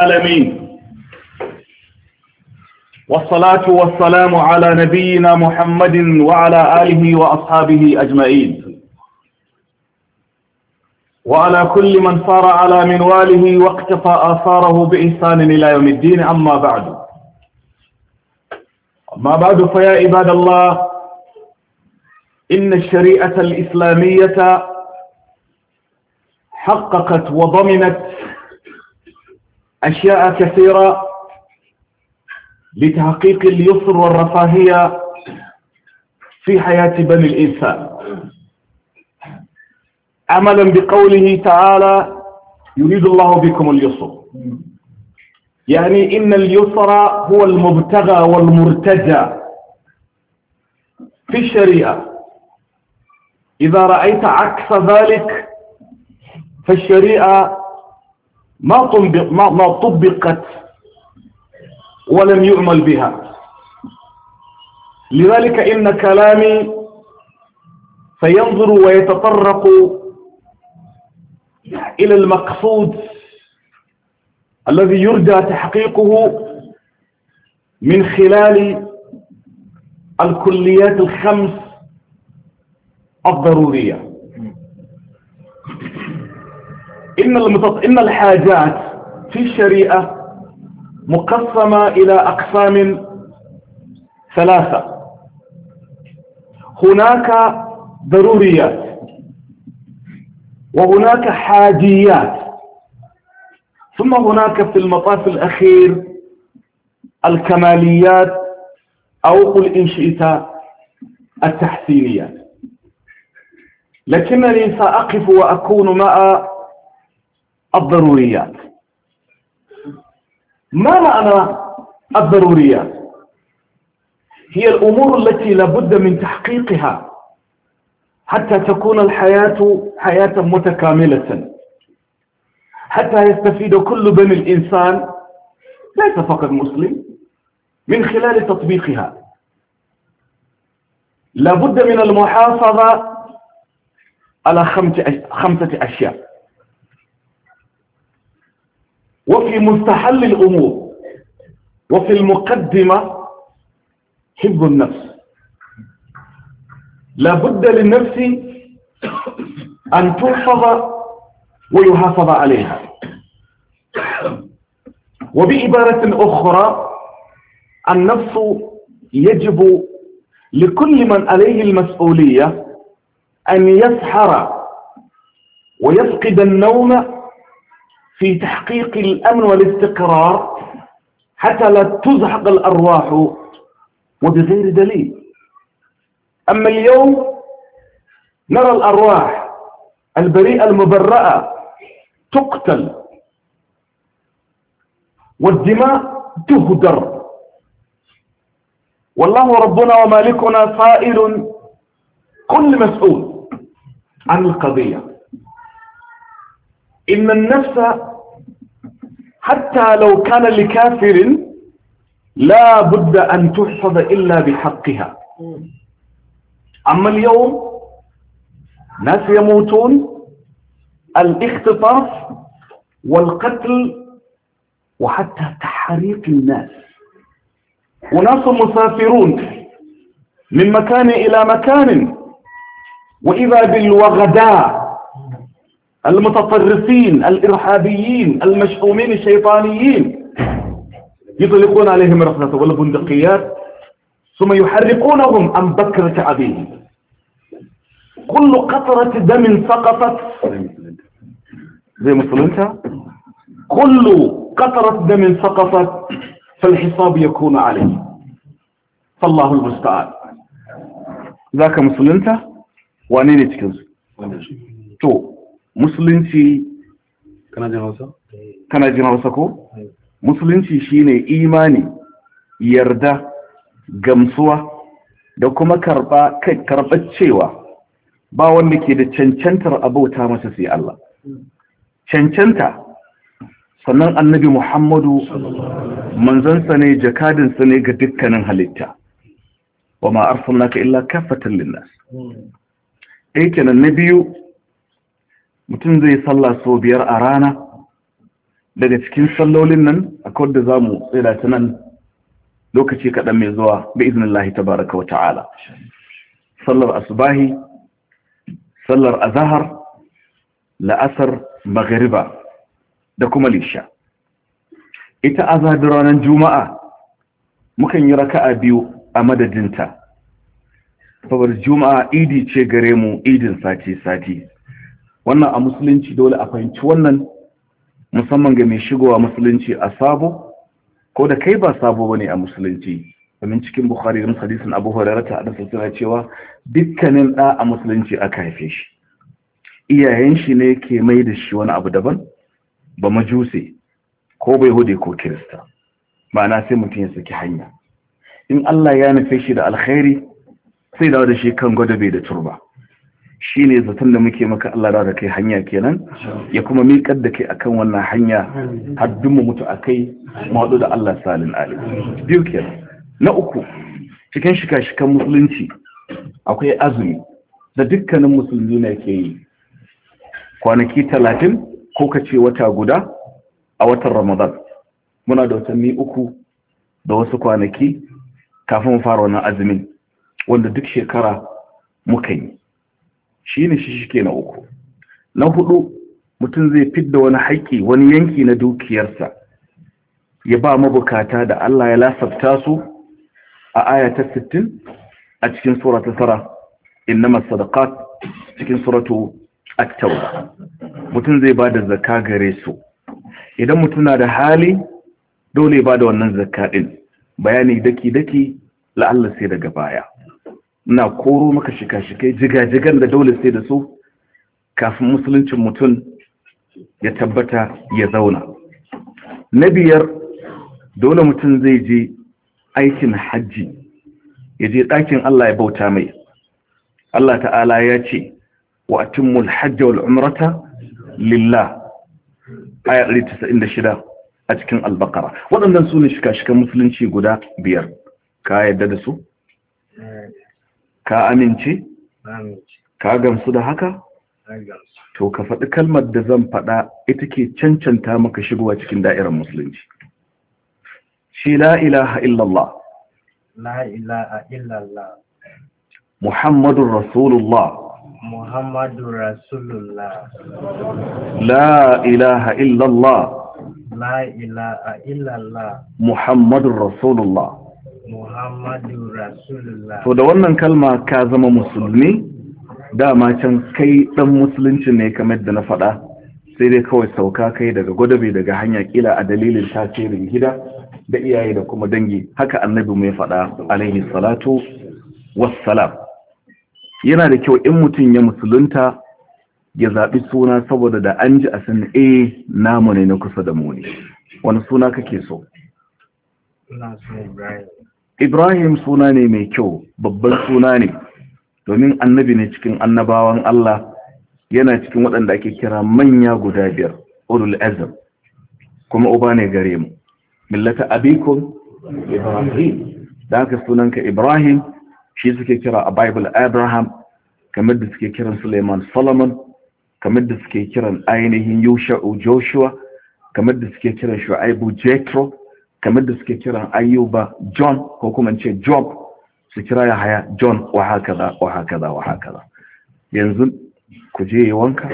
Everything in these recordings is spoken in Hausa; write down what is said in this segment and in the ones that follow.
العالمين والصلاة والسلام على نبينا محمد وعلى آله وأصحابه أجمعين وعلى كل من صار على منواله واقتفى آثاره بإحسان إلى يوم الدين أما بعد أما بعد فيا عباد الله إن الشريعة الإسلامية حققت وضمنت أشياء كثيرة لتحقيق اليسر والرفاهية في حياة بني الإنسان عملا بقوله تعالى يريد الله بكم اليسر يعني إن اليسر هو المبتغى والمرتجى في الشريعة إذا رأيت عكس ذلك فالشريعة ما طبق ما طبقت ولم يعمل بها لذلك إن كلامي سينظر ويتطرق إلى المقصود الذي يرجى تحقيقه من خلال الكليات الخمس الضرورية إن, المتص... إن الحاجات في الشريعة مقسمة إلى أقسام ثلاثة هناك ضروريات وهناك حاجيات ثم هناك في المطاف الأخير الكماليات أو قل إن شئت التحسينيات لكنني سأقف وأكون مع الضروريات ما معنى الضروريات هي الأمور التي لابد من تحقيقها حتى تكون الحياة حياة متكاملة حتى يستفيد كل بني الإنسان ليس فقط مسلم من خلال تطبيقها لابد من المحافظة على خمسة أشياء وفي مستحل الأمور وفي المقدمة حفظ النفس لا بد للنفس أن تحفظ ويحافظ عليها وبعبارة أخرى النفس يجب لكل من عليه المسؤولية أن يسحر ويفقد النوم في تحقيق الأمن والاستقرار حتى لا تزحق الأرواح وبغير دليل أما اليوم نرى الأرواح البريئة المبرأة تقتل والدماء تهدر والله ربنا ومالكنا سائل كل مسؤول عن القضية إن النفس حتى لو كان لكافر لا بد أن تحفظ إلا بحقها أما اليوم ناس يموتون الاختطاف والقتل وحتى تحريق الناس وناس مسافرون من مكان إلى مكان وإذا بالوغداء المتطرفين الإرهابيين المشؤومين الشيطانيين يطلقون عليهم الرصاص والبندقيات ثم يحرقونهم عن بكرة أبيهم كل قطرة دم سقطت زي مسلمتها كل قطرة دم سقطت فالحساب يكون عليه فالله المستعان ذاك مسلمتها وانيني تكنز تو musulunci kana jin hausa ko musulunci shine imani yarda gamsuwa da kuma karba karbar cewa ba wanda ke da cancantar abauta masa sai Allah cancanta sannan annabi Muhammadu manzansa ne jakadinsa ne ga dukkanin halitta wa ma arsalnaka illa kaffatan linnas eh kenan na biyu mutum zai salla sau biyar a rana daga cikin sallolin nan a da za mu tsira ta nan lokaci kaɗan mai zuwa bi iznillahi tabaraka wa ta'ala sallar asubahi sallar azahar la'asar maghriba da kuma lisha ita azahar ranar juma'a mukan yi raka'a biyu a madadinta saboda juma'a idi ce gare mu idin sati-sati wannan a musulunci dole a fahimci wannan musamman ga mai shigowa musulunci a sabo ko da kai ba sabo bane a musulunci domin cikin bukhari da hadisin abu hurairah ta da suna cewa dukkanin da a musulunci aka haife shi iyayen shi ne ke mai da shi wani abu daban ba majusi ko bai hude ko kirista ma'ana sai mutum ya saki hanya in Allah ya nufe shi da alkhairi sai dawo da shi kan gwada bai da turba shi ne zaton da muke maka Allah da kai hanya kenan ya kuma miƙar da kai akan wannan hanya har mu mutu a kai maɗu da Allah salin Ali. biyu kenan na uku cikin shika-shikan musulunci akwai azumi da dukkanin musulmi na ke yi kwanaki talatin ko ka ce wata guda a watan ramadan muna da watanni uku da wasu kwanaki kafin fara wannan azumin wanda duk shekara muka yi ne shi shike na uku na hudu mutum zai fidda wani haƙƙi wani yanki na dukiyarsa ya ba mabukata da Allah ya lasafta su a aya ta 60 a cikin sura ta 9 innamas sadaqat cikin suratu at tawba mutum zai ba da zakka gare su idan mutum na da hali dole ba da wannan zakka din bayani daki daki la'alla sai daga baya na koro maka shika-shikai jiga-jigan da dole sai da su kafin musuluncin mutum ya tabbata ya zauna na biyar dole mutum zai je aikin hajji ya je ɗakin Allah ya bauta mai Allah ta'ala ya ce wa atimul hajji wal umrata lillah aya 196 a cikin albakara waɗannan su ne shika-shikan musulunci guda biyar ka yadda da su ka amince ka gamsu da haka to ka faɗi kalmar da zan faɗa ita ke cancanta maka shigowa cikin da'irar musulunci shi la ilaha illallah la ilaha illallah muhammadun rasulullah muhammadun rasulullah la ilaha illallah la ilaha illallah muhammadun rasulullah Muhammadu To da wannan kalma ka zama musulmi dama can kai ɗan musulunci ne kamar da na faɗa sai dai kawai sauka kai daga gwadabe daga hanya kila a dalilin tasirin gida da iyaye da kuma dangi haka annabi mai faɗa alaihi salatu wassalam yana da kyau in mutum ya musulunta ya zaɓi suna saboda da an ji a san A, eh, namu ne na kusa da mu ne wani suna kake so? Ibrahim suna ne mai kyau babban suna ne domin annabi ne cikin annabawan Allah yana cikin waɗanda ake kira manya guda biyar ulul azam kuma uba ne gare mu millata abikum Ibrahim da aka sunanka Ibrahim shi suke kira a Bible Abraham kamar da suke kiran Suleiman Solomon kamar da suke kiran ainihin Yusha'u Joshua kamar da suke kiran Shu'aibu Jethro kamar da suke kira ayyuba john ko kuma ce job su kira ya haya john wa haka da wa haka da wa haka da yanzu ku je yi wanka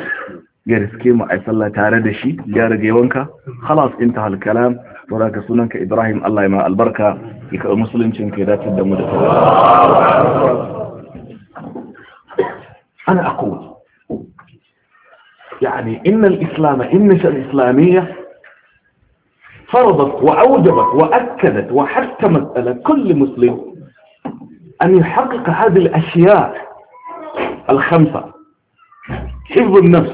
ya riske mu a sallah tare da shi ya rage wanka khalas inta hal kalam to sunan ka Ibrahim Allah ya ma albarka ki ka musuluncin ki da tada mu da ta ana aqul يعني ان الاسلام ان الاسلاميه فرضت وأوجبت وأكدت وحتمت على كل مسلم أن يحقق هذه الأشياء الخمسة حفظ النفس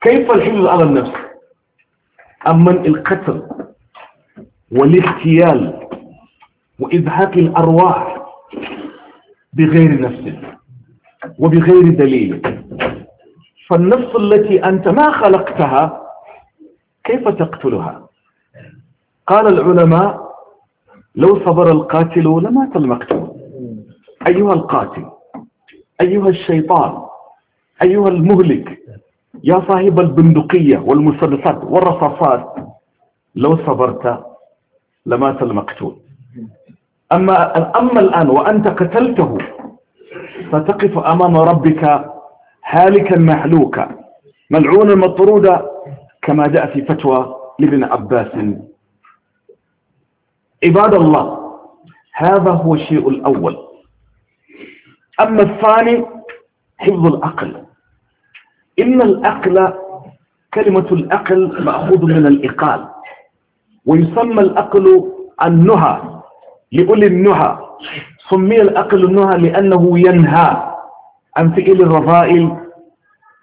كيف الحفظ على النفس أمن القتل والاغتيال وإذهاك الأرواح بغير نفس وبغير دليل فالنفس التي أنت ما خلقتها كيف تقتلها قال العلماء لو صبر القاتل لمات المقتول أيها القاتل أيها الشيطان أيها المهلك يا صاحب البندقية والمسدسات والرصاصات لو صبرت لمات المقتول أما, أما الآن وأنت قتلته ستقف أمام ربك هالكا محلوكا ملعونا مطرودا كما جاء في فتوى لابن عباس عباد الله هذا هو الشيء الأول أما الثاني حفظ العقل إن العقل كلمة العقل مأخوذ من الإقال ويسمى العقل النهى لأولي النهى سمي العقل النهى لأنه ينهى عن فعل الرذائل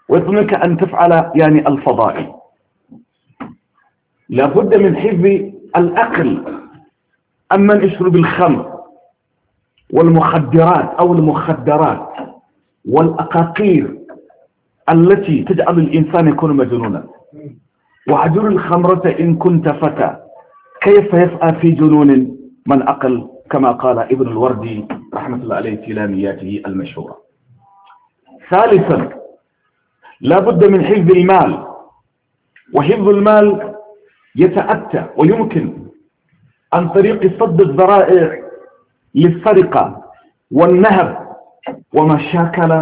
ويظنك أن تفعل يعني الفضائل لابد من حفظ الأقل أما يشرب الخمر والمخدرات أو المخدرات والأقاقير التي تجعل الإنسان يكون مجنونا وعجل الخمرة إن كنت فتى كيف يسعى في جنون من أقل كما قال ابن الوردي رحمة الله عليه في لامياته المشهورة ثالثا لا بد من حفظ المال وحفظ المال يتأتى ويمكن عن طريق صد الذرائع للسرقة والنهب وما شاكل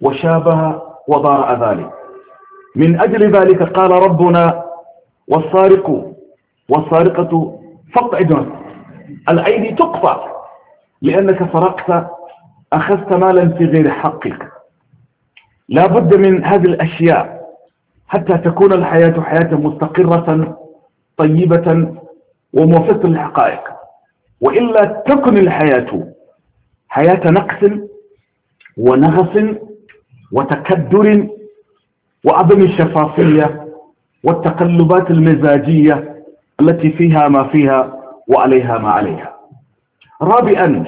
وشابه وضارع ذلك من أجل ذلك قال ربنا والسارق والسارقة فاقعد الأيدي تقطع لأنك سرقت أخذت مالا في غير حقك لا بد من هذه الأشياء حتى تكون الحياة حياة مستقرة طيبة وموفقة للحقائق وإلا تكن الحياة حياة نقص ونغص وتكدر وعدم الشفافية والتقلبات المزاجية التي فيها ما فيها وعليها ما عليها رابعا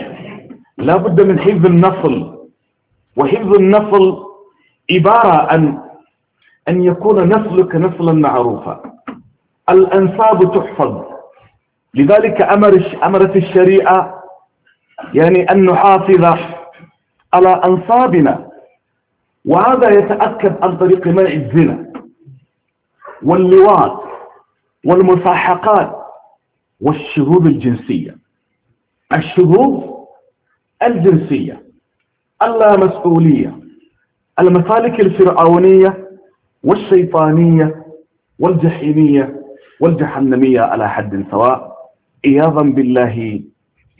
لا بد من حفظ النفل وحفظ النفل عبارة عن أن يكون نفلك نفلا معروفا الأنساب تحفظ لذلك أمر أمرت الشريعة يعني أن نحافظ على أنصابنا وهذا يتأكد عن طريق منع الزنا واللواط والمصاحقات والشهوب الجنسية الشهوب الجنسية اللامسؤولية المسالك الفرعونية والشيطانية والجحيمية والجهنمية على حد سواء عياذا بالله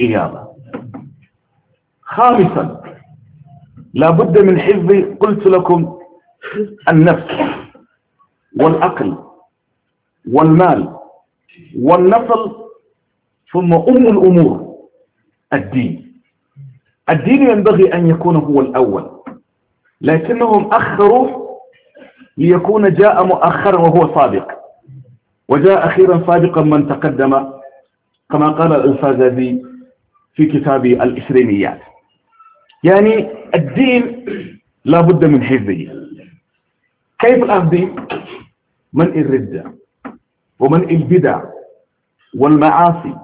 عياذا خامسا لا بد من حفظ قلت لكم النفس والعقل والمال والنسل ثم أم الأمور الدين الدين ينبغي أن يكون هو الأول لكنهم أخروا ليكون جاء مؤخرا وهو صادق وجاء أخيرا صادقا من تقدم كما قال الفازدي في كتاب الإسرينيات يعني الدين لا بد من حزبية كيف الأرض من الردة ومن البدع والمعاصي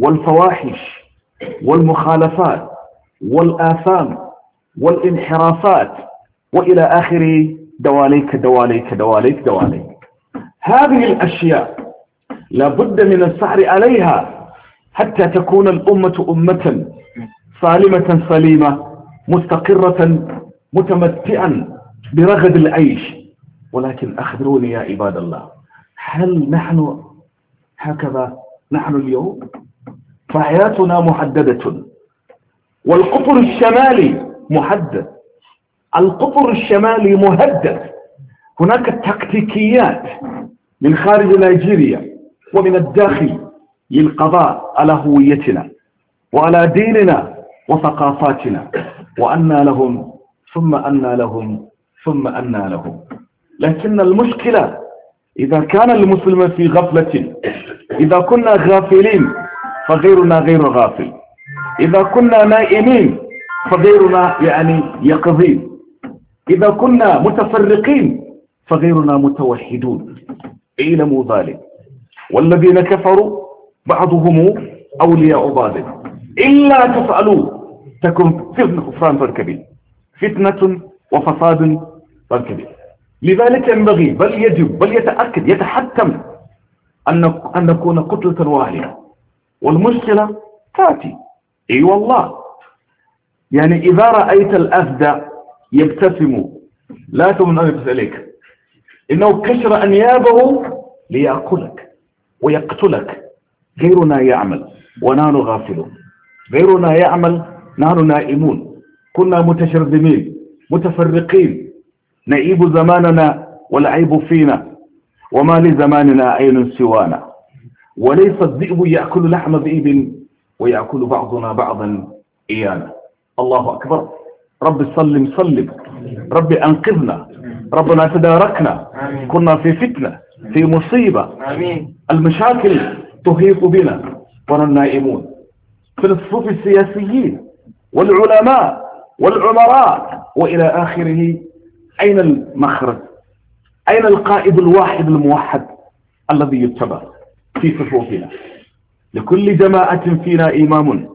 والفواحش والمخالفات والآثام والانحرافات وإلى آخر دواليك دواليك دواليك دواليك هذه الأشياء لابد من السعر عليها حتى تكون الأمة أمة سالمة سليمة مستقرة متمتعا برغد العيش ولكن أخبروني يا عباد الله هل نحن هكذا نحن اليوم فحياتنا محددة والقطر الشمالي محدد القطر الشمالي مهدد هناك تكتيكيات من خارج نيجيريا ومن الداخل للقضاء على هويتنا وعلى ديننا وثقافاتنا وأنا لهم ثم أنا لهم ثم أنا لهم لكن المشكلة إذا كان المسلم في غفلة إذا كنا غافلين فغيرنا غير غافل إذا كنا نائمين فغيرنا يعني يقظين إذا كنا متفرقين فغيرنا متوحدون اعلموا ذلك والذين كفروا بعضهم أولياء بعض إلا تفعلوا تكون فتنة كفران فالكبير فتنة وفساد فالكبير لذلك ينبغي بل يجب بل يتأكد يتحتم أن أن نكون كتلة واحدة والمشكلة تأتي اي أيوة والله يعني إذا رأيت الأفدى يبتسم لا تمنع يبتسم إليك إنه كسر أنيابه ليأكلك ويقتلك غيرنا يعمل ونحن غافلون غيرنا يعمل نحن نائمون كنا متشرذمين متفرقين نعيب زماننا والعيب فينا وما لزماننا عين سوانا وليس الذئب يأكل لحم ذئب ويأكل بعضنا بعضا إيانا الله أكبر رب سلم سلم رب أنقذنا ربنا تداركنا آمين. كنا في فتنة في مصيبة آمين. المشاكل تهيف بنا ونا النائمون في الصف السياسيين والعلماء والعمراء وإلى آخره أين المخرج أين القائد الواحد الموحد الذي يتبع في صفوفنا لكل جماعة فينا إمام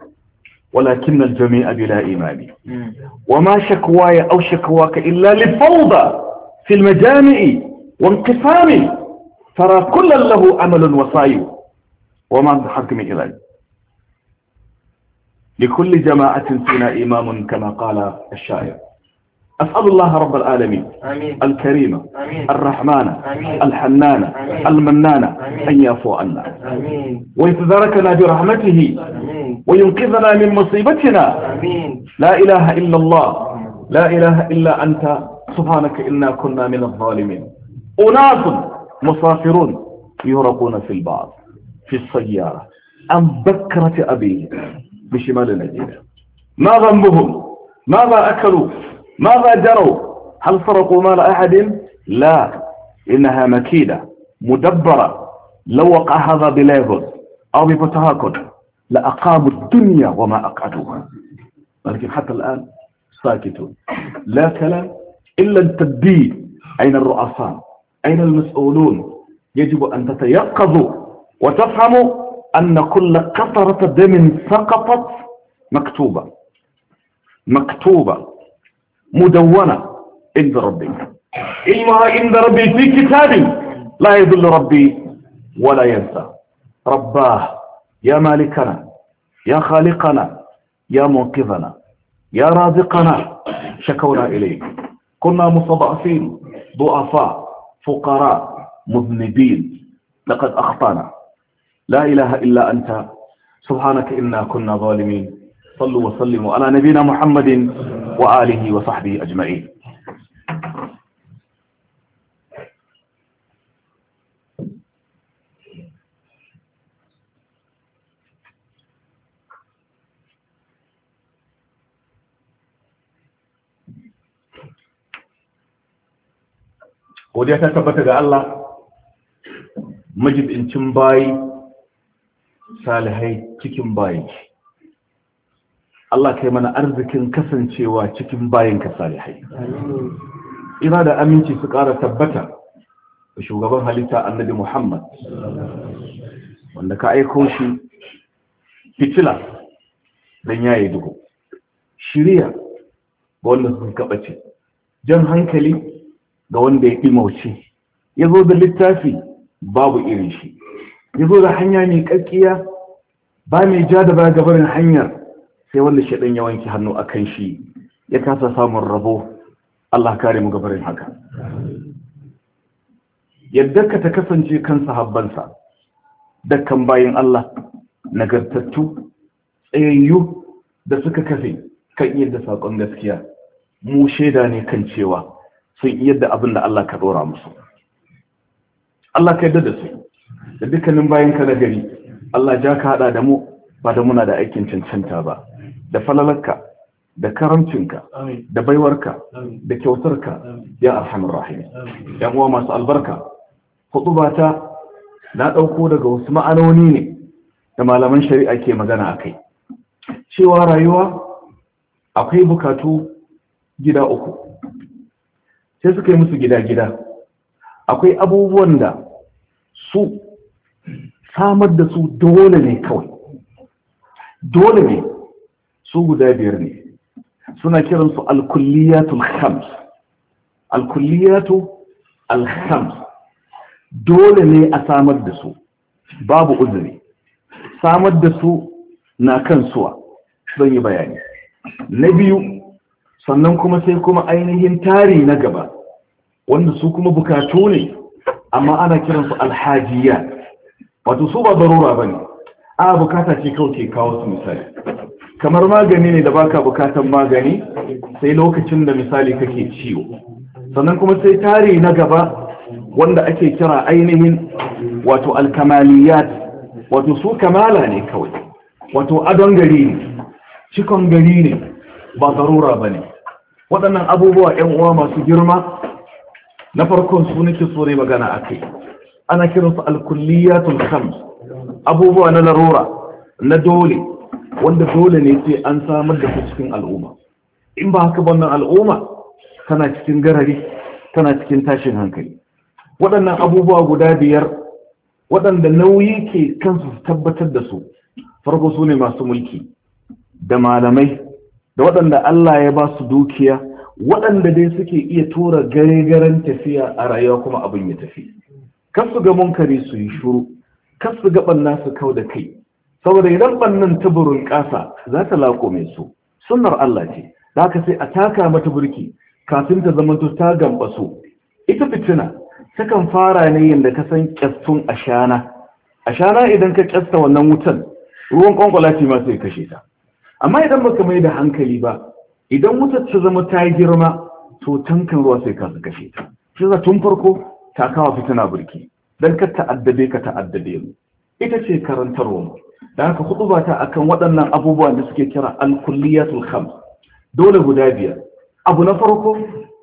ولكن الجميع بلا إمام وما شكواي أو شكواك إلا لفوضى في المجامع وانقسام ترى كل له أمل وصائب وما بحكم إلهي لكل جماعة فينا إمام كما قال الشاعر أسأل الله رب العالمين آمين. الكريم آمين. الرحمن آمين. الحنان آمين. المنان آمين. أن يفو عنا ويتداركنا برحمته آمين. وينقذنا من مصيبتنا آمين. لا إله إلا الله لا إله إلا أنت سبحانك إنا كنا من الظالمين أناس مسافرون يرقون في البعض في السيارة عن بكرة أبيه بشمال نجيب ما ذنبهم ماذا أكلوا ماذا جروا هل سرقوا مال أحد لا إنها مكيدة مدبرة لو وقع هذا بليفل أو ببتهاكل لأقاموا الدنيا وما أقعدوها ولكن حتى الآن ساكتون لا كلام إلا التبديل أين الرؤساء أين المسؤولون يجب أن تتيقظوا وتفهموا أن كل قطرة دم سقطت مكتوبة مكتوبة مدونة عند ربي إنها عند ربي في كتابي لا يذل ربي ولا ينسى رباه يا مالكنا يا خالقنا يا منقذنا يا رازقنا شكونا إليك كنا مستضعفين ضعفاء فقراء مذنبين لقد أخطأنا لا إله إلا أنت سبحانك إنا كنا ظالمين صلوا وسلموا على نبينا محمد وآله وصحبه أجمعين godiya ta tabbata ga Allah majibincin bayi salihai cikin bayi Allah kai mana arzikin kasancewa cikin bayinka salihai ina da aminci su ƙara tabbata ga shugaban halitta annabi Muhammad wanda ka aiko shi fitila don yayi dugo shirya ga wanda sun kabace. jan hankali ga wanda ya ɗimauce ya zo da littafi babu irin shi ya zo da hanya mai ƙarƙiya, ba mai ja da ba gabarin hanyar sai wanda shaɗin ya wanke hannu a kan shi ya kasa samun rabo Allah kare mu gabarin haka yadda ka ta kasance kansa sahabbansa dakkan bayan Allah nagartattu tsayayyu da suka kafe kan yadda saƙon gaskiya mu shaida ne kan cewa sun iya yadda abin da Allah ka dora musu Allah ka yadda da su da dukkanin bayan ka na gari Allah ja ka haɗa da mu ba da muna da aikin cancanta ba da falalarka da karamcinka da baiwarka da kyautarka ya arhamar rahim ya uwa masu albarka hudu ta na ɗauko daga wasu ma'anoni ne da malaman shari'a ke magana a kai cewa rayuwa akwai bukatu gida uku sai suka yi musu gida-gida akwai abubuwan da su samar da su dole ne kawai dole ne su guda biyar ne suna kiransu alkulliyatul khams alkulliyatul alkhams dole ne a samar da su babu uzuri samar da su na kan suwa zan yi bayani na biyu sannan kuma sai kuma ainihin tari na gaba wanda su kuma bukatu ne amma ana kiransu alhajiya wato su ba barura ba ne a bukata ce kawai ke kawo su misali kamar magani ne da baka bukatan magani sai lokacin da misali kake ciwo sannan kuma sai tari na gaba wanda ake kira ainihin wato alkamaliyat wato su kamala ne kawai wato adon gari ne cikon gari ne ba zarura ba ne waɗannan abubuwa ‘yan uwa masu girma na farkon su nake so ne magana a kai ana kiransu alkulliyatul khams abubuwa na larura na dole wanda dole ne sai an samar da su cikin al'umma in ba haka wannan al'umma tana cikin garari tana cikin tashin hankali waɗannan abubuwa guda biyar waɗanda nauyi ke kansu tabbatar da su farko su ne masu mulki da malamai da waɗanda Allah ya ba su dukiya waɗanda dai suke iya tura gare garen tafiya a rayuwa kuma abin ya tafi kar su ga munkari su yi shuru kar su ga ɓanna su kau da kai saboda idan ɓannan tuburin ƙasa za ta laƙome su sunnar Allah ce da haka sai a taka mata burki kafin ta zamanto ta gamba su ita fitina takan fara ne yadda ka san kyastun ashana ashana idan ka kyasta wannan wutan ruwan kwankwala ce ma sai kashe ta amma idan baka mai da hankali ba idan wutar ta zama ta yi girma to tankan ruwa sai ka kashe ta shi za tun farko ta kawo fitina burki dan ka ta'addabe ka ta'addabe mu ita ce karantarwa mu da haka ba ta akan waɗannan abubuwan da suke kira alkulliyatul kham dole guda biyar abu na farko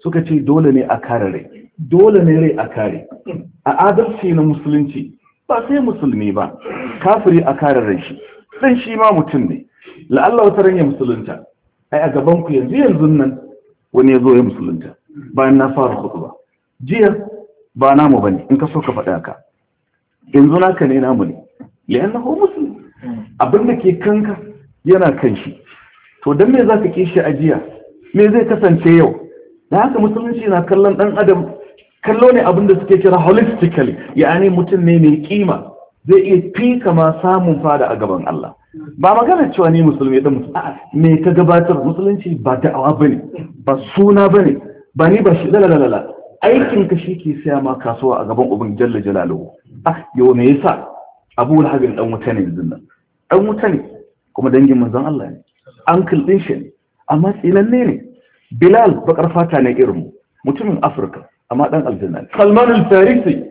suka ce dole ne a kare rai dole ne rai a kare a adalci na musulunci ba sai musulmi ba kafiri a kare rai shi dan shi ma mutum ne la'alla wata ran ya musulunta ai a gaban ku yanzu yanzu nan wani ya zo ya musulunta bayan na fara khutba jiya ba namu bane in ka so ka faɗa ka yanzu naka ne namu ne li'annahu muslim abin da ke kanka yana kan shi to dan me zaka ke shi ajiya me zai kasance yau da haka musulunci na kallon dan adam kallo ne abin da suke kira holistically Ya'ani mutum ne mai kima zai iya fi kama samun fada a gaban Allah ba magana cewa ni musulmi ɗan musulmi me ka gabatar musulunci ba da'awa ba ne ba suna ba ba ni ba shi la aikin ka shi ke saya ma kasuwa a gaban ubin jalla jalaluhu ah yau me yasa abu lahabin dan wuta ne yanzu nan dan wuta ne kuma dangin manzon Allah ne uncle din shi amma tsinanne ne bilal bakar fata ne irin mu mutumin afirka amma dan aljanna salman al-farisi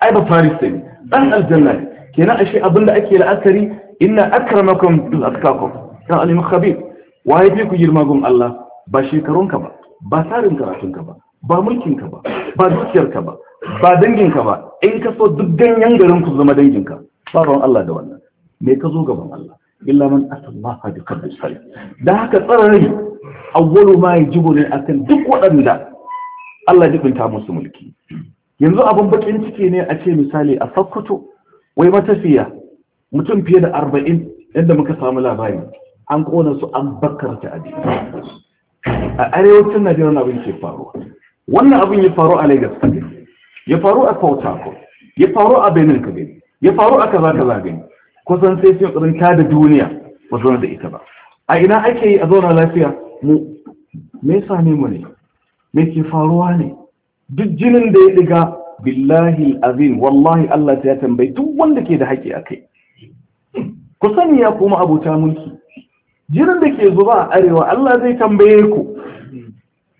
ai ba farisi dan aljanna ne kenan ashe abin da ake la'akari inna akramakum atqakum kan Ali khabir wa fi ku girma gun Allah ba shekarunka ba ba tsarin karatunka ba ba ka ba ba dukiyarka ba ba danginka ba in ka so duk ganyen garin ku zama danginka tsaron Allah da wannan me ka zo gaban Allah illa man atallaha bi qalbin salim da haka tsarari awwalu ma yajibu lil akan duk waɗanda Allah ya dubinta musu mulki yanzu abin bakin ciki ne a ce misali a Sokoto wai matafiya mutum fiye da arba'in yadda muka samu labari an kona su an ta abin a arewacin najeriya abin ke faruwa wannan abin ya faru a lagos kabe ya faru a port harcourt ya faru a benin kabe ya faru a kaza kaza gani kusan sai sun tsirinta da duniya ba zauna da ita ba a ina ake yi a zauna lafiya mu me same mu ne me ke faruwa ne duk jinin da ya diga billahi azim wallahi Allah ya tambayi duk wanda ke da haƙi a kai ku sani ya kuma abuta mulki jirin da ke zuba a arewa Allah zai tambaye ku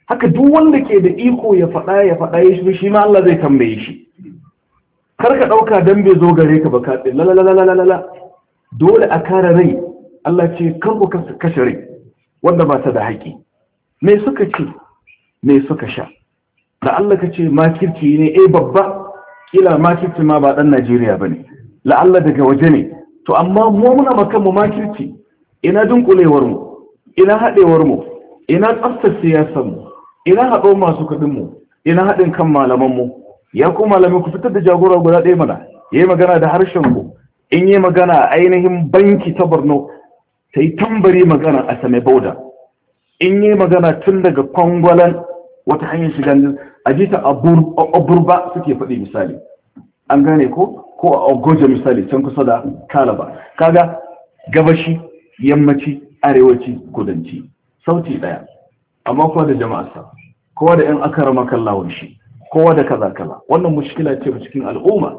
haka duk wanda ke da iko ya faɗa ya faɗa ya shi shi ma Allah zai tambaye shi kar ka ɗauka dambe bai zo gare ka ba ka dole a kare rai Allah ce kar ku kashe rai wanda ba ta da haƙi me suka ci? me suka sha Allah ka ce makirci ne eh babba kila makirci ma ba dan Najeriya bane Allah daga waje ne to amma mu muna makan mu makirci ina dunkulewar mu ina hadewar mu ina tsaftar siyasar mu ina hado masu kudin mu ina hadin kan malaman mu ya ku malamai ku fitar da jagora guda ɗaya mana yayi magana da harshen ku in yi magana ainihin banki ta Borno ta tambari magana a Same Bauda in yi magana tun daga kwangwalan wata hanyar shiga a jita a aburba suke faɗi misali an gane ko ko a ogoja misali can kusa da kalaba kaga gabashi yammaci arewaci kudanci sauti ɗaya amma kowa da jama'arsa kowa da 'yan akarama kallawar shi kowa da kaza kaza wannan mushkila ce cikin al'umma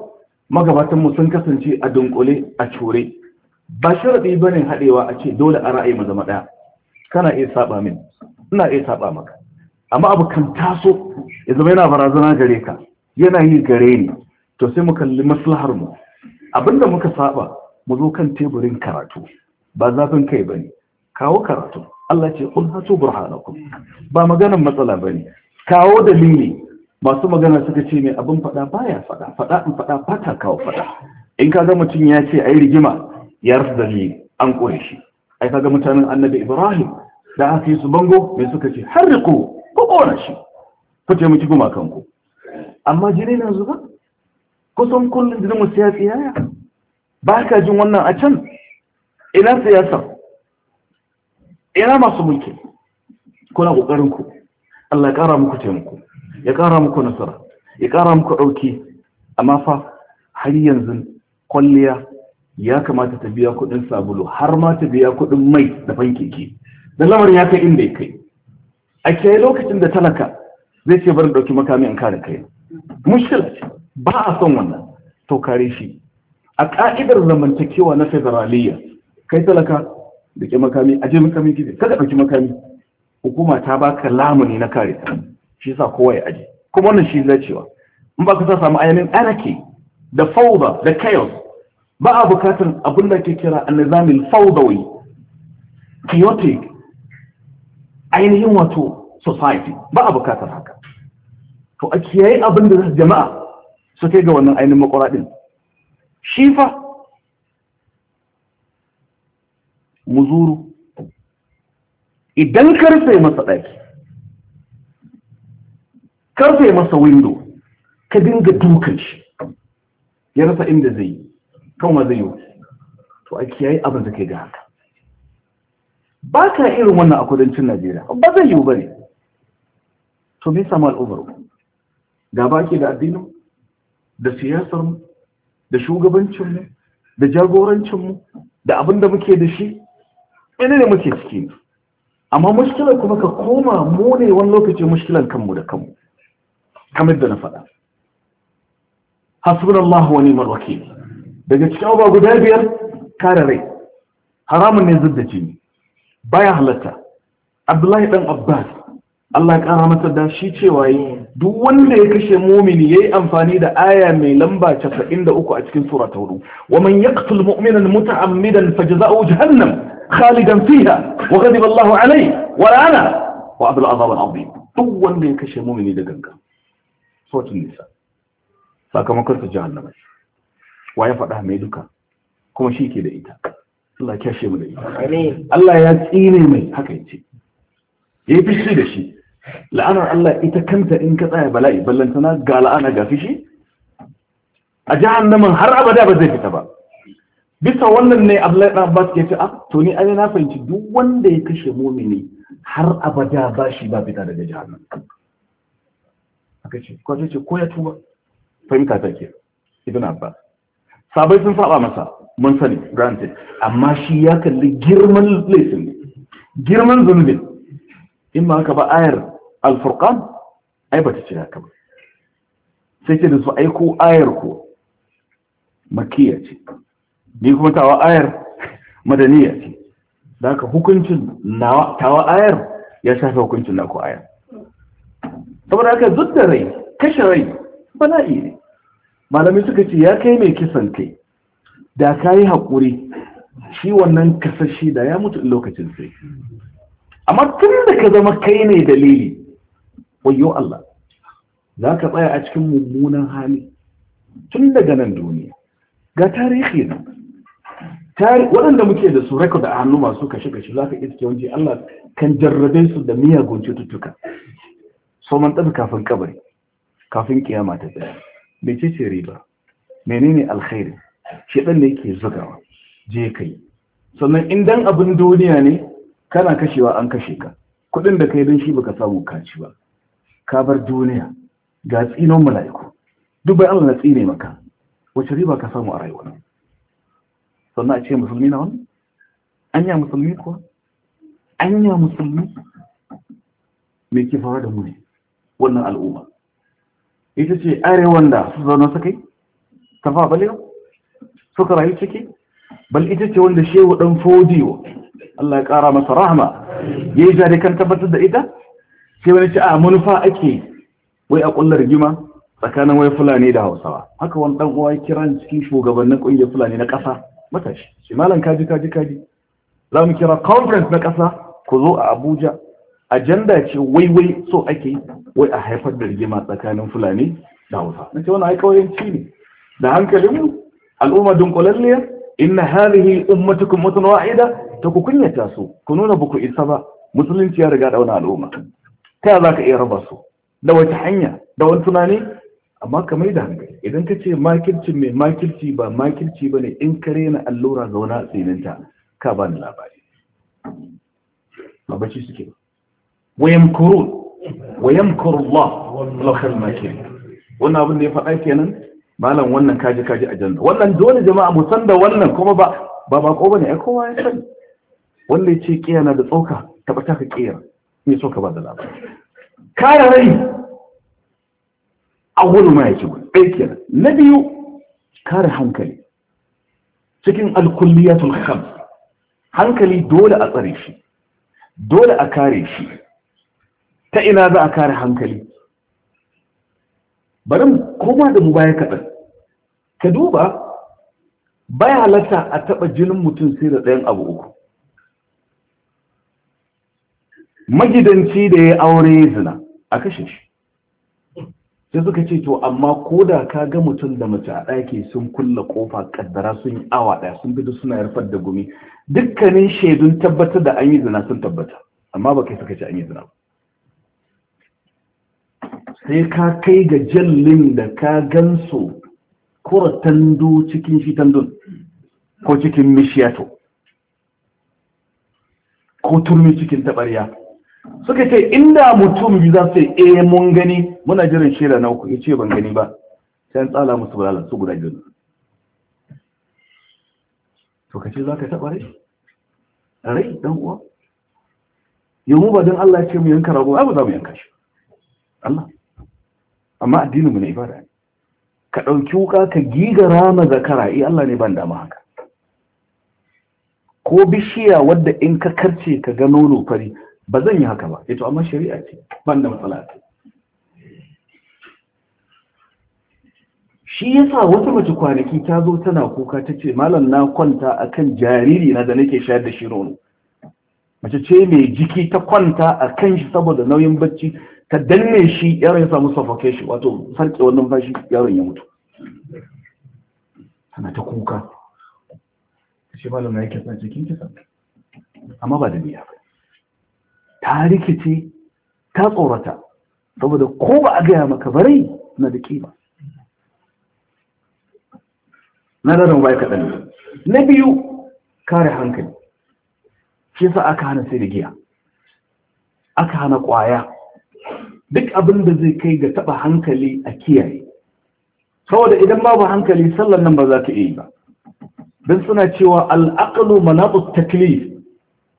magabatanmu sun kasance a dunkule a cure ba ba bane haɗewa a ce dole a ra'ayi mu zama ɗaya kana iya saba min ina iya saba maka amma abu kan taso ya zama yana barazana gare ka yana yi gare ni to sai mu kalli maslahar mu abinda muka saba mu zo kan teburin karatu ba zafin kai bane kawo karatu Allah ce kun hatu burhanakum ba maganan matsala bane kawo dalili masu magana suka ce mai abin fada baya fada fada in fada fata kawo fada in ka ga mutum ya ce ai rigima ya rasa dalili an kore shi ai ga mutanen annabi Ibrahim da aka yi su bango mai suka ce harriku Ko ƙona shi miki taimaki kanku. amma jini na zuba kusan kullum jinin mu ya yaya ba ka jin wannan a can ina siyasa ina masu mulki kuna ƙoƙarinku Allah ya ƙara muku taimako ya ƙara muku nasara ya ƙara muku ɗauki amma fa har yanzu kwalliya ya kamata ta biya kuɗin sabulu har ma ta biya kuɗin mai da fankeki da lamarin ya kai inda ya kai a ke lokacin da talaka zai ce bari ɗauki makami an kare kai mushkila ce ba a son wannan to kare shi a ƙa'idar zamantakewa na federaliyya kai talaka da ke makami aje makami gizi kada ɗauki makami hukuma ta baka lamuni na kare ta shi sa kowa ya aje kuma wannan shi zai cewa in ba ka sa samu ayanin anarchy da fauda da chaos ba a bukatar abin da ke kira annizamin faudawi chaotic ainihin wato society ba a bukatar haka to a kiyaye abin da jama'a su kai ga wannan ainihin makwaraɗin shi fa muzuru idan karfe masa ɗaki karfe masa windo ka dinga dukan shi ya rasa inda zai yi kan wa zai yi to a kiyaye abin da kai ga haka ba ka irin wannan a kudancin najeriya ba zai yiwu ba ne to me samu al'ummar ga baki da addinin da siyasar mu da shugabancin mu da jagorancin mu da abin da muke da shi ina ne muke ciki amma mushkilar kuma ka koma mu ne wani lokaci mushkilar kanmu da kanmu kamar da na faɗa wani wa ni'mal wakil daga cikin abubuwa guda biyar kare rai haramun ne da jini baya halatta abdullahi dan abbas Allah ya kara masa da shi cewa yi duk wanda ya kashe mumini yayi amfani da aya mai lamba 93 a cikin sura ta hudu wa man yaqtul mu'minan muta'ammidan fajza'uhu jahannam khalidan fiha wa ghadiba Allahu alayhi wa la'ana wa abul azab al'azim duk wanda ya kashe mumini da ganga suratul nisa sakamakon sa jahannama wa ya faɗa mai duka kuma shi ke da ita Allah kyashe mu da ita Allah ya tsine mai haka yace yayi fishi da shi la'anar Allah ita kanta in ka tsaya bala'i ballantana ga la'ana ga fishi a jahannamin har abada ba zai fita ba bisa wannan ne Abdullahi dan Abbas ya ce ah to ni ai na fahimci duk wanda ya kashe momini har abada ba shi ba fita daga jahannan. aka ce ko ce ko ya tuba fahimta ta ke ibn Abbas sabai sun saba masa mun sani granted amma shi ya kalli girman laifin girman zunubin in ma haka ba ayar alfurqan ai bata cira haka ba sai ce da su aiko ayar ko makiya ce ni kuma tawa ayar madaniya ce da haka hukuncin nawa tawa ayar ya shafe hukuncin na ko ayar saboda haka duk kashe rai bala'i ne malamai suka ce ya kai mai kisan kai da ka yi haƙuri shi wannan kasashe da ya mutu lokacin sai amma tun da ka zama kai ne dalili wayo Allah za ka tsaya a cikin mummunan hali tun daga nan duniya ga tarihi na waɗanda muke da su rekod a hannu masu kashe-kashe za ka iske wanje Allah kan jarrabe su da miyagun cututtuka so man tafi kafin kabari kafin kiyama ta tsaya mece ce riba menene alkhairi shedan ne yake zugawa je kai sannan in dan abin duniya ne kana kashewa an kashe ka Kuɗin da kai don shi baka samu kaci ba ka bar duniya ga tsinon mala'iku duk bai Allah na tsine maka wace riba ka samu a rayuwa sannan a ce musulmi na wani anya musulmi kuwa anya musulmi me ke fara da mu ne wannan al'umma ita ce arewan da su zaune suka yi ta fa balewa suka rayu ciki bal ita ce wanda shehu dan fodiyo Allah ya kara masa rahma yayi jare kan tabbatar da ita sai wani ce a manufa ake wai a kullar rigima tsakanin wai fulani da hausawa haka wani dan uwa kira cikin shugabannin kungiyar fulani na kasa matashi shi malam kaji kaji kaji za mu kira conference na kasa ku zo a Abuja ajanda ce wai wai so ake wai a haifar da rigima tsakanin fulani da hausa nace wannan ai kauyanci ne da hankalin mu al'umma dunkulalliya inna halihi ummatukum mutun wahida ta ku kunyata su ku nuna buku isa ba musulunci ya riga da wani al'umma ta za ka iya raba su da wata hanya da wani tunani amma ka mai da hankali idan ka ce makirci mai makirci ba makirci ba ne in kare na allura zauna a tsininta ka ba ni labari ba bacci suke ba wayan kuru wayan kuru Allah Allah kan makiri wannan abin da ya faɗa kenan malam wannan kaji kaji a janna wannan dole jama'a mu san da wannan kuma ba ba ba ko bane ai kowa ya sani wanda yace kiya na da tsoka ta ka kiya ne so ka ba da labari kare rai awwalu ma yake ɗaya kenan na biyu kare hankali cikin alkulliyatul khams hankali dole a tsare shi dole a kare shi ta ina za a kare hankali bari koma da mu baya kaɗan ka duba baya halatta a taɓa jinin mutum sai da ɗayan abu uku magidanci da ya aure zina a kashe shi sai suka ce to amma ko da ka ga mutum da mace a ɗaki sun kulla ƙofa ƙaddara sun yi awa ɗaya sun fito suna yarfar da gumi dukkanin shaidun tabbatar da an yi zina sun tabbata amma ba kai suka ce an yi zina ba sai ka kai ga jallin da ka gan su. kura tandu cikin shi tandun ko cikin mishiyato ko turmi cikin taɓarya suka ce inda mutum yi za su yi e eh, mun gani muna jiran shaida na uku ya ce ban gani ba sai an tsala musu bulalar su guda biyu to ka ce za ka taɓa rai rai don uwa yau ba don Allah ya ce mu yanka rago ba za mu yanka shi Allah amma addinin mu na ibada ne ka ɗauki wuka ka giga rama zakara iya eh, Allah ne ban dama haka ko bishiya wadda in ka karce ka ga nono fari ba zan yi haka ba ito eh, amma shari'a ce ban da matsala ce shi yasa wata mace kwanaki ta zo tana kuka ta ce malam na kwanta akan jariri na da nake shayar da shi nono mace ce mai jiki ta kwanta a kan shi saboda nauyin bacci ta danne shi yaron ya samu suffocation wato sarke wannan fashi yaron ya mutu tana ta kuka shi malam na yake san cikin kisa amma ba da biya ba ta rikice ta tsorata saboda ko ba a gaya maka bare na da kima na da ran bai kaɗan na biyu kare hankali shi sa aka hana sai aka hana ƙwaya duk abin da zai kai ga taɓa hankali a kiyaye saboda idan babu hankali sallan nan ba za ta iya ba don suna cewa al'aqlu manatu taklif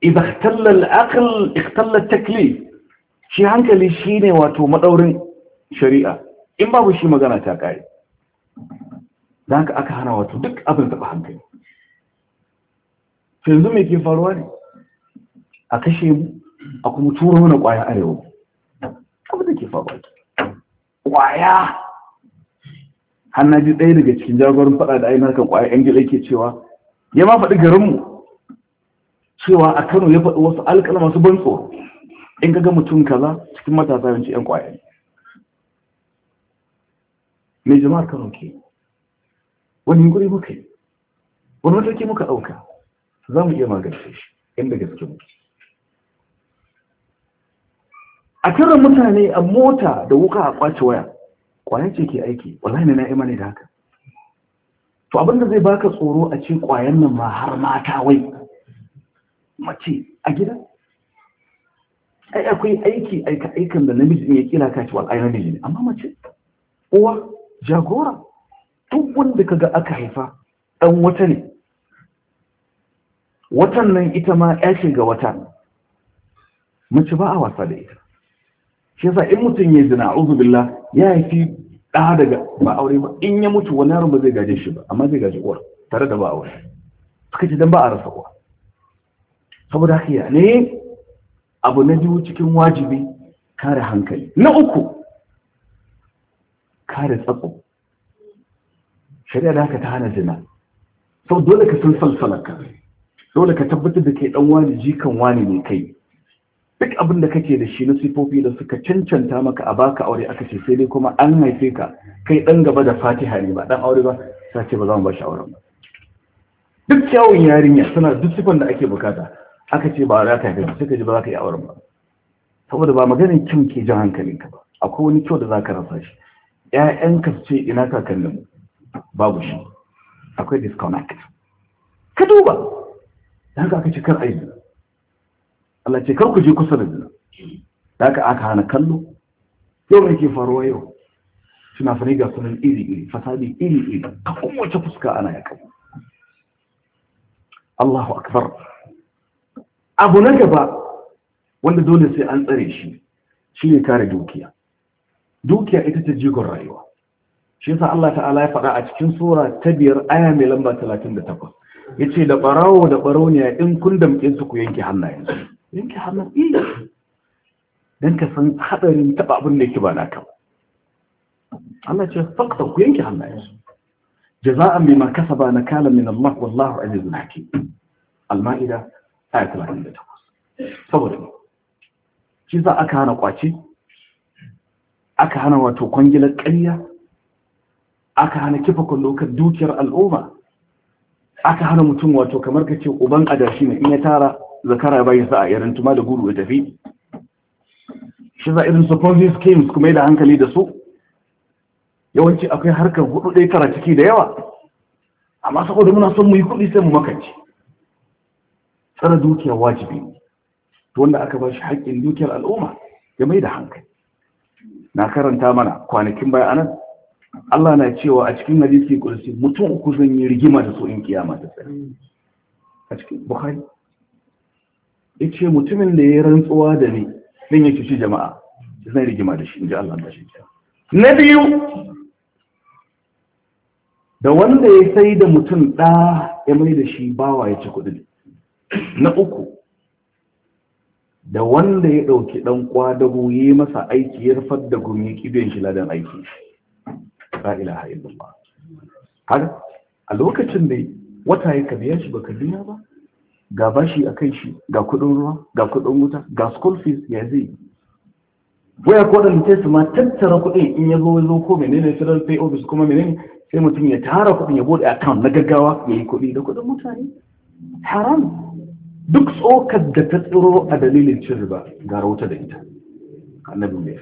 idza ikhtalla al'aql ikhtalla taklif shi hankali shine wato madaurin shari'a in babu shi magana ta kare dan haka aka hana wato duk abin taɓa hankali yanzu me ke faruwa ne a kashe mu a kuma turo mana kwaya arewa abu da ke faruwa kwaya hannaji ɗaya daga cikin jagorin faɗa da ainihin kan kwaya yan gida ke cewa ya ma faɗi garinmu cewa a kano ya faɗi wasu alƙala masu ban tsoro in ga mutum kaza cikin matasa yanci yan kwaya mai jama'ar kano ke wani yunkuri muka yi wani mataki muka ɗauka za mu iya magance shi inda gaske muke a tara mutane a mota da wuka a kwace waya kwayan ce ke aiki wallahi ne na ne da haka to abin zai baka tsoro a ce kwayan nan ma har mata wai mace a gida ai akwai aiki aika aikan da namiji ne ya kila ka ci wallahi namiji ne amma mace uwa jagora duk wanda kaga aka haifa dan wata ne watan nan ita ma ya ce ga wata mace ba a wasa da ita shi yasa in mutum ya zina a'udhu billah ya haifi ɗa daga ba aure ba in ya mutu wani yaron ba zai gaje shi ba amma zai gaje uwar tare da ba aure suka ce dan ba a rasa uwa saboda haka ya ne abu na biyu cikin wajibi kare hankali na uku kare tsako. shari'a da haka ta hana zina sau dole ka san salsalarka dole ka tabbatar da kai dan wani jikan wani ne kai duk abin da kake da shi na sifofi da suka cancanta maka a baka aure aka ce sai dai kuma an haife ka kai dan gaba da fatiha ne ba dan aure ba ta ce ba za mu ba shi auren ba duk kyawun yarinya suna duk sifan da ake bukata aka ce ba za ka haife sai ka ji ba za ka yi auren ba saboda ba maganin kyau ke jan ka ba akwai wani kyau da za ka rasa shi ‘ya'yanka su ce ina kakannin babu shi akwai disconnect ka duba da haka aka ce kar aiki Allah ce kar ku je kusa da zina da aka aka hana kallo yau ne ke faruwa yau suna fari ga sunan iri-iri fasadi iri-iri ta kowace fuska ana ya kama Allahu akbar abu na gaba wanda dole sai an tsare shi shi ne kare dukiya dukiya ita ta jigon rayuwa shi yasa Allah ta'ala ya faɗa a cikin sura ta biyar aya mai lamba 38 yace da barawo da ɓarauniya, in kun damke su ku yanke hannayensu yanke hannun eh. iya don ka san haɗarin taɓa abin da ke ba na ba Allah ce fakta ku yanke hannayensu jaza'an bima ba na kala min Allah wallahu azizun hakim al-ma'ida aya 38 saboda ne shi za aka hana ƙwace, aka hana wato kwangilar ƙarya aka hana kifa kan dukiyar al'umma aka hana mutum wato kamar ka ce uban adashi ne in ya tara zakara bayan sa a yaren tuma da gudu ya tafi shi za irin su schemes kuma yi da hankali da su yawanci akwai harkar hudu ɗaya tara ciki da yawa amma saboda muna son mu yi kuɗi sai mu makance tsara dukiyar wajibi to wanda aka ba shi haƙƙin dukiyar al'umma ya mai da hankali na karanta mana kwanakin baya anan Allah na cewa a cikin hadisi kursi mutum uku zan yi rigima da su in kiyama ta tsari a cikin Bukhari yace mutumin da ya rantsuwa da ni zan yi cuci jama'a zan rigima da shi inji Allah da shi na biyu da wanda ya sai da mutum ɗa ya mai da shi bawa ya ci kuɗi na uku da wanda ya ɗauki ɗan kwadago ya yi masa aiki ya rufar da gumi kiben shi ladan aiki ba ilaha ba. har a lokacin da wata ya kabiya biya shi baka duniya ba ga bashi a kan shi ga kudin ruwa ga kudin wuta ga school fees ya zai waya ko dan sai su ma tattara kudin in ya zo zo ko menene federal pay office kuma menene sai mutum ya tara kudin ya bude account na gaggawa ya yi kudi da kudin mutane haram duk tsokar da ta tsiro a dalilin cin riba ga rauta da ita annabi mai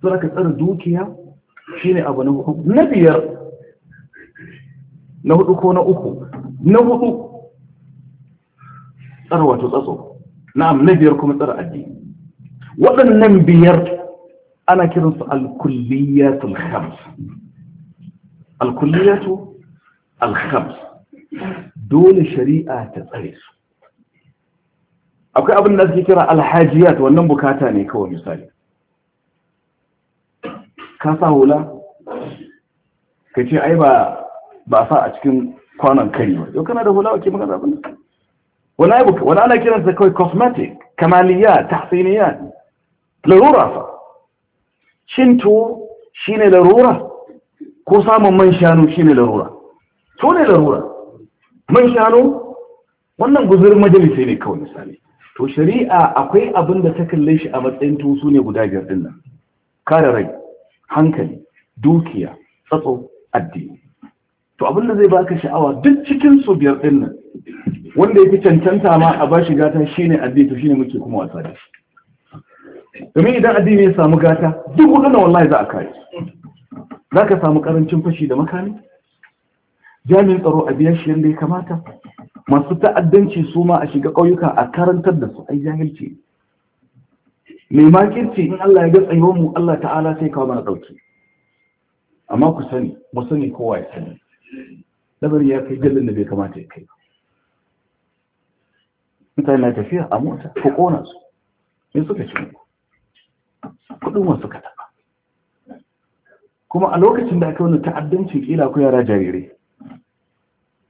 Sura ka tsara dukiya shine abu na hudu na biyar na hudu ko na uku na hudu tsara wato tsatso na'am na biyar kuma tsara addini waɗannan biyar ana kiransu alkulliyatul khams alkulliyatu alkhams dole shari'a ta tsare su akwai abin da ake kira alhajiyat wannan bukata ne kawai misali ka sa hula ka ce ai ba ba sa a cikin kwanan kari ba yau kana da hula wake magana abin wani ana kiransa kawai cosmetic kamaliya tahsiniya larura fa cin tuwo shine larura ko samun man shanu shine larura to ne larura man shanu wannan guzurin majalisa ne kawai misali to shari'a akwai abin da ta kalle shi a matsayin tusu ne guda biyar din nan kare rai hankali dukiya tsatso addini to abin da zai baka sha'awa duk cikin su biyar din nan wanda ya fi cancanta ma a bashi gata shi ne addini to shi ne muke kuma wasa da shi domin idan addini ya samu gata duk na wallahi za a kare za ka samu karancin fashi da makami jami'in tsaro a biyan shi yadda ya kamata masu ta'addanci su ma a shiga ƙauyuka a karantar da su ai jahilci mai makirci in Allah ya ga tsayuwar mu Allah ta'ala sai kawo mana ɗauki amma ku sani mu sani kowa ya sani nazari ya kai jallin da bai kamata ya kai mutane na tafiya a mota ko kona su ne suka ci muku kudin wasu ka taba kuma a lokacin da aka wani ta'addanci kila ku yara jarire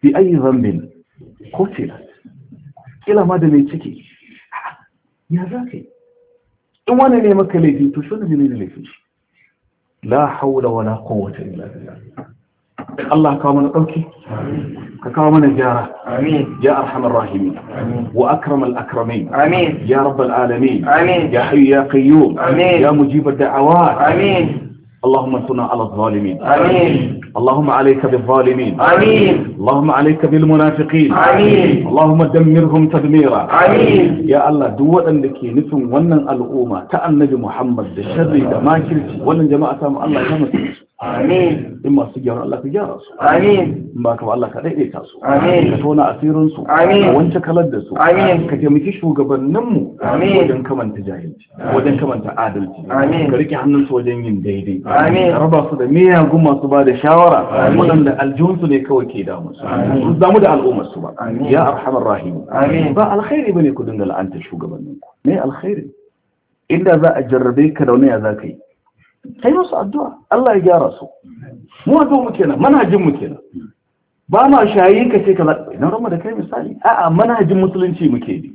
fi ayi zambin ko tilas kila ma da mai ciki ya za ka yi in wani ne maka laifi to shi ne da laifi la haula wala quwwata illa billah Allah kawo mana ɗauki ka kawo mana gyara ya arhamar rahimi wa akramal akramin ya rabbal alami. ya hayyu ya kayyo. ya mujibad da'awat amin اللهم انصرنا على الظالمين امين اللهم عليك بالظالمين امين اللهم عليك بالمنافقين امين اللهم دمرهم تدميرا امين يا الله duk waɗanda ke nufin wannan al'umma ta annabi Muhammad da sharri da makirci wannan jama'a ta mu Allah ya musu amin in masu gyara Allah ka gyara su amin in ba ka ba Allah ka daidaita su amin ka tona asirin su amin ka wanke kalar da su amin ka taimaki shugabannin mu amin wajen kamanta jahilci wajen kamanta adalci amin ka rike hannun su wajen yin daidai amin ka raba su da miyagun masu ba da shawara waɗanda aljihun su ne kawai ke damu su damu da al'ummar su ba ya arhamar rahim amin ba alkhairi ne ku dinga la'anta shugabannin ku me alkhairi inda za a jarrabe ka da wani ya za ka yi kai masu addu'a Allah ya gyara su mu addu'a muke nan, manhajin muke nan. ba ma shayi ka ce kaza na roma da kai misali a'a manhajin musulunci muke ne.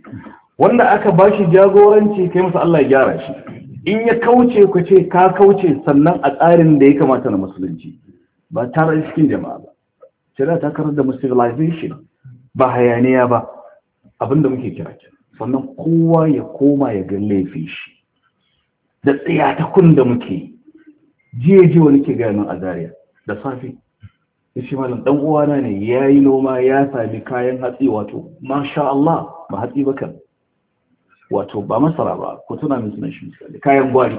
wanda aka ba shi jagoranci kai masu Allah ya gyara shi in ya kauce ku ce ka kauce sannan a tsarin da ya kamata na musulunci ba tare cikin jama'a ba shari'a ta karar da civilization ba hayaniya ba abinda muke kira sannan kowa ya koma ya ga laifin shi da tsaya tsiyatakun da muke yi jiya ji wani ke gaya a Zariya da safi ya malam dan uwana ne ya yi noma ya sami kayan hatsi wato masha Allah ba hatsi ba kan wato ba masara ba ko tuna min sunan shi kayan gwari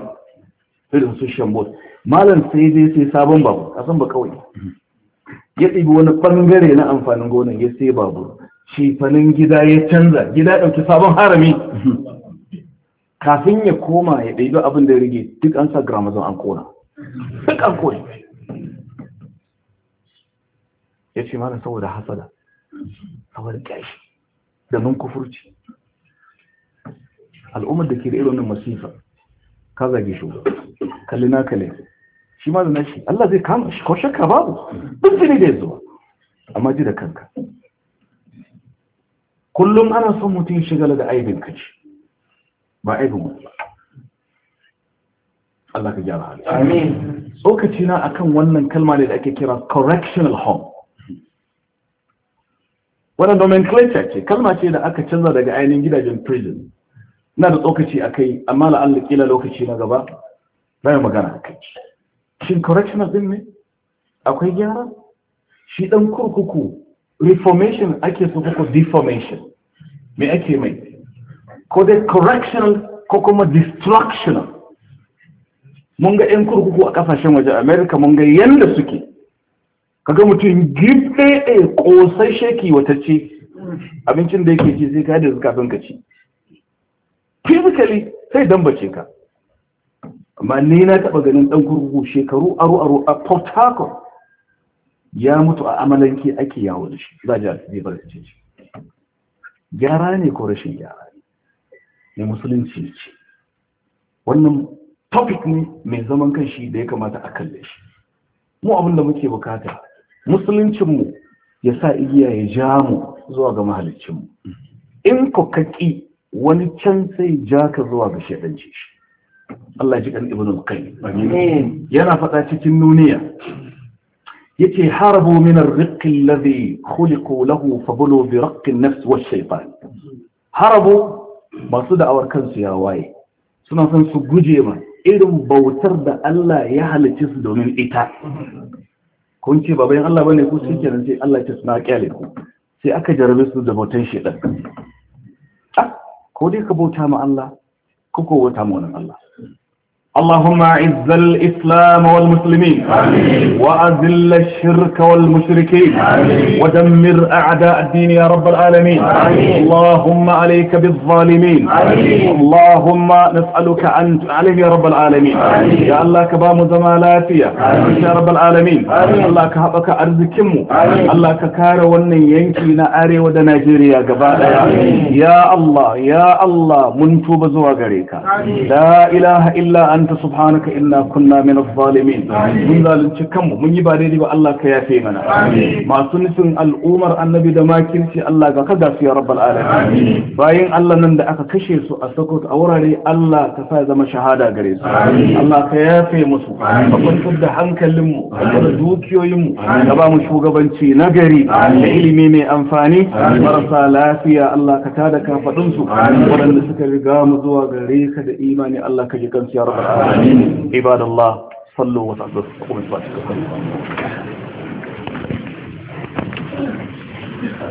irin su shambot malam sai dai sai sabon babu a san ba kawai ya tsibi wani bangare na amfanin gonan ya sai babu shifanin gida ya canza gida ɗauki sabon harami kafin ya koma ya ɗibi abin da ya rage duk an sa gramazon an kona duk an ya ce mana saboda hasada saboda ƙyashi da nun kufurci al'ummar da ke da irin masifa ka zage shi kalli na kalli shi ma zana shi Allah zai kama shi ko shakka babu duk jini da ya zuwa amma ji da kanka kullum ana son mutum shigala da aibin kaci ba aibin ba Allah ka gyara hali amin tsokaci na akan wannan kalma ne da ake kira correctional home wannan nomenclature ce kalma ce da aka canza daga ainihin gidajen prison na da tsokaci a kai amma la'alla kila lokaci na gaba na yi magana a kai shin correctional din ne akwai gyara shi ɗan kurkuku reformation ake so ko deformation me ake mai ko dai correctional ko kuma destructional mun ga 'yan kurkuku a kasashen waje amerika mun ga yadda suke kaga mutum gibbe a ƙosai sheki wata ce abincin da yake ci sai ka da kafin ka ci physically sai dambace ka amma ni na taɓa ganin ɗan kurkuku shekaru aro aro a port harcourt ya mutu a amalanke ake yawo da shi za a ji a gyara ne ko rashin gyara ne musulunci ce wannan topic ne mai zaman kanshi da ya kamata a kalle shi mu abin da muke bukata musuluncinmu ya sa igiya ya ja mu zuwa ga mahalicinmu in ko wani can sai ja ka zuwa ga shaɗance shi Allah ji kan ibn al-qayyim yana faɗa cikin nuniya yace harabu min ar-riq alladhi khuliqu lahu fabulu bi raqq an-nafs wa shaytan harabu masu awar kansu ya waye suna son su guje ma irin bautar da Allah ya halicci su domin ita kun ce ba bayan Allah bane ku ce nan sai Allah ya suna kyale ku sai aka jarabe su da bautan shedan ah, ko dai ka bauta ma Allah ko ko bauta ma wannan Allah اللهم اعز الإسلام والمسلمين آمين. وأذل الشرك والمشركين آمين. ودمر أعداء الدين يا رب العالمين آمين. اللهم عليك بالظالمين آمين. اللهم نسألك أن تعلم يا رب العالمين آمين. يا الله كبام زمالاتي آمين. يا رب العالمين آمين. الله كهبك أرزكم آمين. الله ككار ونينكينا أري ودناجيريا قبالا يا الله يا الله منتوب زواغريك لا إله إلا أنت anta subhanaka inna kunna min adh-dhalimin mun zalunci kanmu mun yi ba daidai ba Allah ka yafe mana masu nufin al'umar annabi da makirci Allah ga kada su ya rabbal alamin bayan Allah nan da aka kashe su a sako a wurare Allah ka sa zama shahada gare su Allah ka yafe musu ka kwantar da hankalinmu da dukiyoyinmu ka ba mu shugabanci na gari da ilimi mai amfani marasa lafiya Allah ka tada kafadunsu waɗanda suka riga mu zuwa gare ka da imani Allah ka ji kansu ya rabbal عباد الله صلوا وسلموا